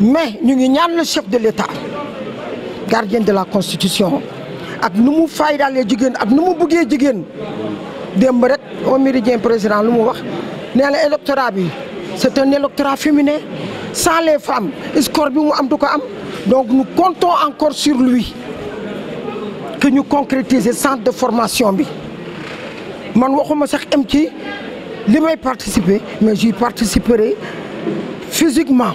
mais nous avons le chef de l'État gardien de la constitution ak nu mu faydaalee nu mu nous rek méridien président nous avons wax électorat c'est un électorat féminin sans les femmes score bi mu donc nous comptons encore sur lui que concrétisons le centre de formation Je man waxuma sax am participer mais j'y participerai physiquement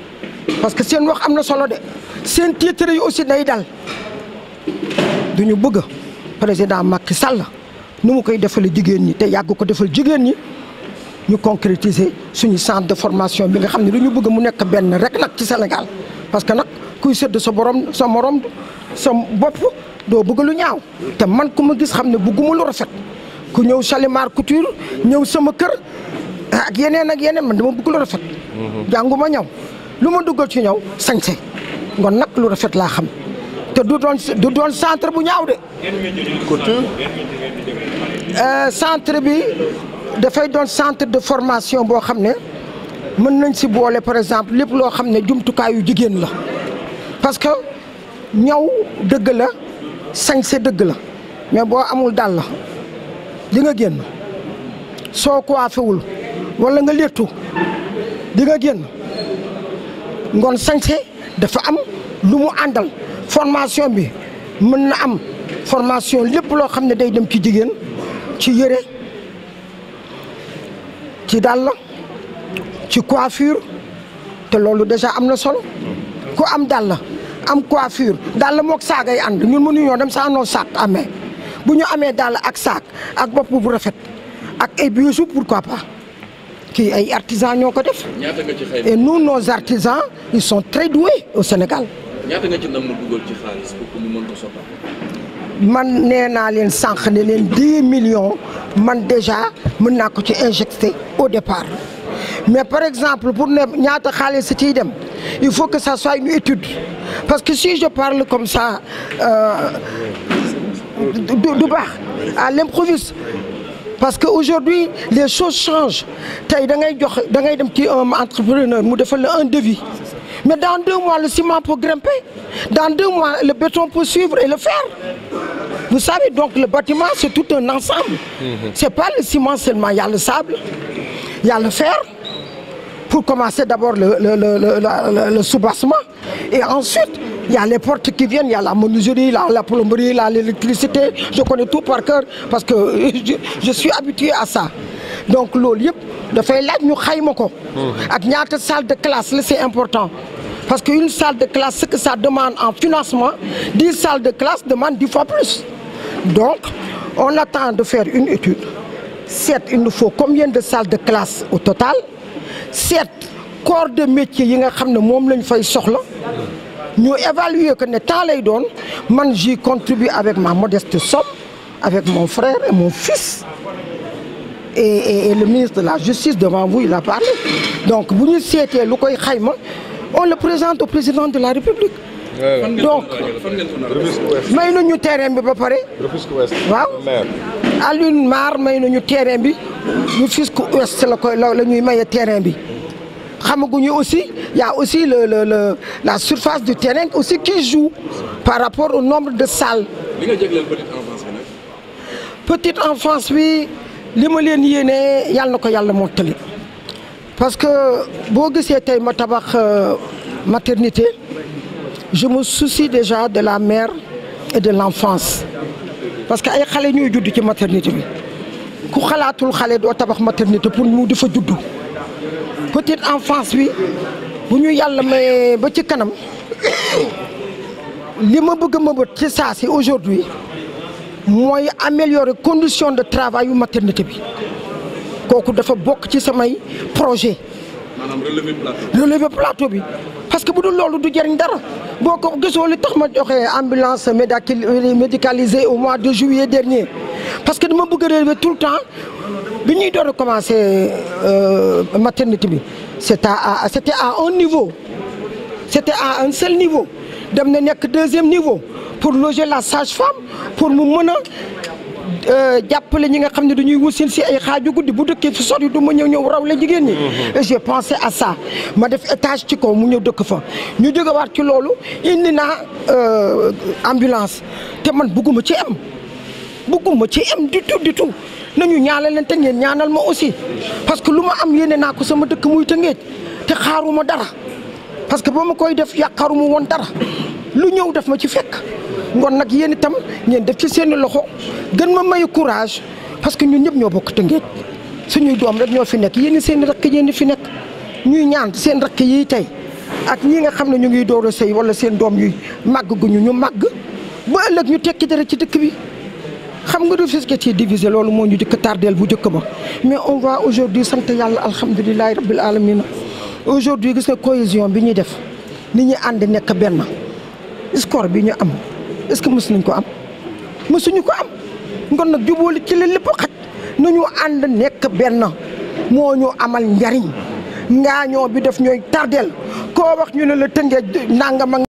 parce que seen wax amna solo de seen titre yi aussi day dal duñu bëgg président Macky Sall nu mu koy defal jigen ñi te yag ko defal jigen ñi ñu concrétiser suñu centre de formation bi nga xamni duñu bëgg mu nekk ben rek nak ci Sénégal parce que nak kuy sëdd sa borom sa morom sa bop do bëgg lu ñaaw te man ku ma gis xamni ne bëgguma lu rafet ku ñew Salimar Couture ñew sama kër ak yeneen ak yeneen man dama bëgg lu rafet mhm. janguma ñaw luma duggal ci ñëw sañse ngon nak lu rafet la xam te du doon du doon centre bu ñaaw de euh, centre bi fay doon centre de formation bo xam ne mën nañ ci boole par exemple lo loo jumtu kay yu jigen la parce que ñaw deug la sañse deug la mais bo amul dal la di nga so soo coiffewul wala nga léttu di nga genn ngoon sañse dafa am lu mu àndal formation bi mën na am formation lépp loo xam ne day dem ci jigéen ci yére ci dàll ci coiffure te loolu déjà am na solo ku am dàll am coiffure dàll moog yi ànd ñun mënuñoo dem sa anoo saak amee ah, bu ñu amee dàll ak saak ak bopp bu rafet ak ay bijoux pourquoi pas qui ay artisans et nous nos artisans ils sont très doués au Sénégal. Je suis 10 millions déjà injectés injecté au départ mais par exemple pour ne il faut que ça soit une étude parce que si je parle comme ça euh, à l'improviste parce qu'aujourd'hui, les choses changent un entrepreneur mu defal un devis mais dans deux mois le ciment peut grimper dans deux mois le béton peut suivre et le fer vous savez donc le bâtiment c'est tout un ensemble mhm. Ce n'est pas le ciment seulement il y a le sable il y a le fer pour commencer d'abord le le soubassement et ensuite il y a les portes qui viennent, il y a la menuiserie, la, plomberie, l'électricité. Je connais tout par cœur parce que je, suis habitué à ça. donc loolu lieu de laaj ñu il y mmh. salle de classe c'est important parce qu'une salle de classe ce que ça demande en financement dix salles de classe demandent 10 fois plus. donc on attend de faire une étude certes il nous faut combien de salles de classe au total certes corps de métier il y a des nous évaluer que les temps lay moi man j'y contribue avec ma modeste somme avec mon frère et mon fils et, le ministre de la justice devant vous il a parlé donc vous nous seetee lu xayma on le présente au président de la république donc nous nañu terrain bi ba pare waaw Alioune Mar may terrain bi ñu Rufisque Ouest koy la maye terrain bi xamaguñu aussi il y a aussi le le la surface du terrain aussi qui joue par rapport au nombre de salles. petite enfance oui, nag. petite enfance bi li ma leen yéenee parce que boo gisee tey ma euh, maternité je me soucie déjà de la mère et de l'enfance parce que ay xale ñooy judd ci maternité bi ku xalaatul xale doo tabax maternité pour mu di fa juddu petite enfance oui. bu yalla y mayee ba ci kanam lima ma bëgg ma bët ci aujourd'hui mooy améliorer conditions de travail yu maternité bi kooku dafa bok ci samay projet maanaam relever plateau relever plateau bi parce que bu dul loolu du jëriñ dara boko ko li tax ma joxe ambulance médicalisée au mois de juillet dernier parce que dama bëgg a tout le temps bi ñuy door a commencé euh, maternité bi c' à c' à un niveau c'était à un seul niveau dem na nekk deuxième niveau pour loger la sage-femme pour mu mën a euh, jàppale ñi nga xam ne dañuy wusin si ay xaaju guddi bu dëkkee si sori du ma ñëw ñëw raw la jigéen ñi. Mhm. j'ai pensé à ça ma def étage ci kaw mu ñëw dëkk fa. ñu jógewaat ci loolu indi naa euh, ambulance te man bugguma ci am bugguma ci am du tout du tout. nañu te ngeen ñaanal ma aussi parce que lu ma am yéene naa ko sama dëkk muy Tëngéej te xaaruma dara parce que ba ma koy def yàqaaruma woon dara lu ñëw def ma ci fekk ngoon nag yéen tam ngeen def ci seen loxo gën ma may courage parce que ñun ñëpp ñoo bokk Tëngéej suñuy doom rek ñoo fi nekk yéen seeni rakk yéen fi nekk ñuy ñaan seen rakk yii tey ak ñii nga xam ne ñu ngi door a sëy wala seen doom yuy màgg gu ñu ñu màgg ba ëllëg ñu tekki dara ci dëkk bi. xam nga que ci divisé lolou ñu tardel bu mais on voit aujourd'hui sante yalla rabbil alamin aujourd'hui gis cohésion bi ñuy def ni ñi and nek score bi ñu am est-ce que nous sommes ko am mësuñu ko am ngon sommes jubóoli ci lepp xat ñu and nous benn amal ngaño bi def ñoy tardel nous wax ñu ne